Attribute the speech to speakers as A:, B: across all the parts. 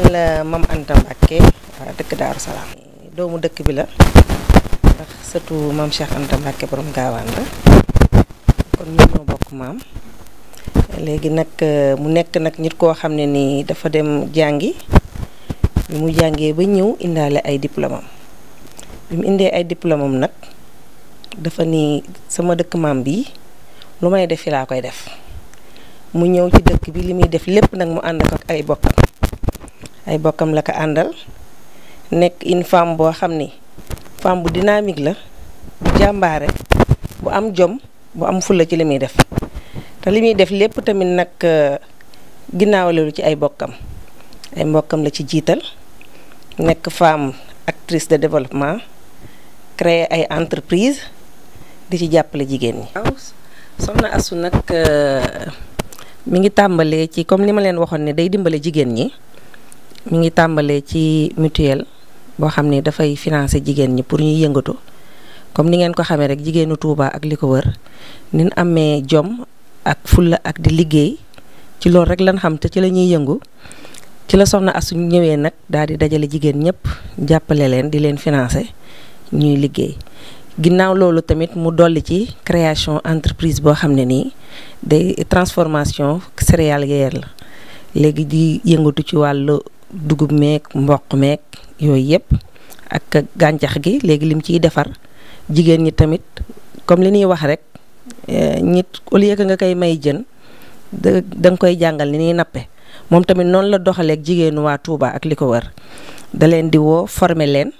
A: man la mam Anta Mbàkke dëkk Daaru Salaam doomu dëkk bi la ndax surtout mam Cheikh Anta borom gaawaan la kon ñun ñoo bokk maam léegi nag euh, mu nekk nag nit koo xam ne nii dafa dem jàngi bi mu jàngee ba ñëw indaale ay diplôme am bi mu indee ay diplôme nag dafa ni sama dëkk maam bii lu may def fi laa koy def mu ñëw ci dëkk bi li muy def lépp nag mu ànd ak ay bokkam ay bokkam la ko àndal nekk une femme boo xam ni femme bu dynamique la bu jàmbaare bu am jom bu am fulla ci li muy def te li muy def lépp tamit nag euh, ginnaaw loolu ci ay bokkam ay mbokkam la ci jiital nekk femme actrice de développement créer ay entreprise di ci jàppale jigéen ñi. waaw soxna Astou nag euh, mu ngi tàmbalee ci comme li ma leen waxoon ne day dimbale jigéen ñi. mi ngi tàmbalee ci mutuelle boo xam ne dafay financer jigéen ñi pour ñuy yëngatu comme ni ngeen ko xamee rek jigéenu Touba ak li ko wër nin amee jom ak fulla ak di liggéey ci loolu rek lan xam te ci la ñuy yëngu ci la soxna Astu ñëwee nag daal di dajale jigéen ñëpp jàppale leen di leen financer ñuy liggéey ginnaaw loolu tamit mu dolli ci création entreprise boo xam ne nii day transformation céréalière la léegi di yëngatu ci wàllu dugub meeg mboq meek yooyu yëpp ak gàncax gi léegi lim ciy defar jigéen ñi tamit comme li ñuy wax rek ñit eh, au lieu nga koy may jën da nga koy jàngal ni ñuy nappe moom tamit noonu la doxaleek jigéenu waa tuubaa ak li ko wër da leen di woo former leen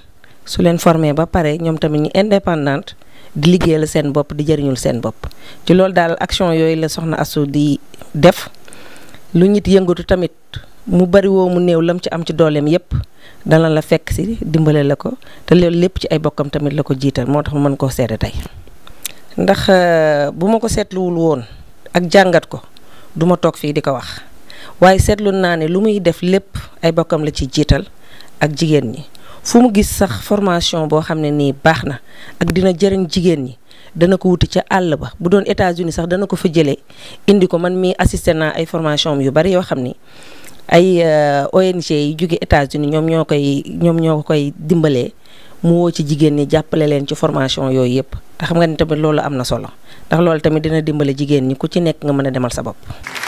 A: su leen forme ba pare ñoom tamit ñu indépendante di liggéeyal seen bopp di jëriñul seen bopp ci loolu daal action yooyu la soxna Astou di def lu ñit yëngatu tamit mu bari mu néew lam ci am ci dooleem yépp dana la fekk si dimbale la ko te loolu lépp ci ay bokkam tamit la ko jiital moo tax ma mën koo seede tey ndax euh, bu ma ko seetluwul woon ak jàngat ko duma ma toog fii di ko wax waaye seetlu naa ne lu muy def lépp ay bokkam la ci jiital ak jigéen ñi fu mu gis sax formation boo xam ne nii baax na ak dina jëriñ jigéen ñi dana ko wuti ca àll ba bu doon États-Unis sax dana ko fa jëlee indi ko man mii assisté naa ay formation yu bari yoo xam ni ay euh, ONG yi jóge États-Unis ñoom ñoo koy ñoom ñoo koy dimbalee mu woo ci jigéen ñi jàppale leen ci formation yooyu yëpp te xam nga ni tamit loolu am na solo ndax loolu tamit dina dimbale jigéen ñi ku ci nekk nga mën a demal sa bopp.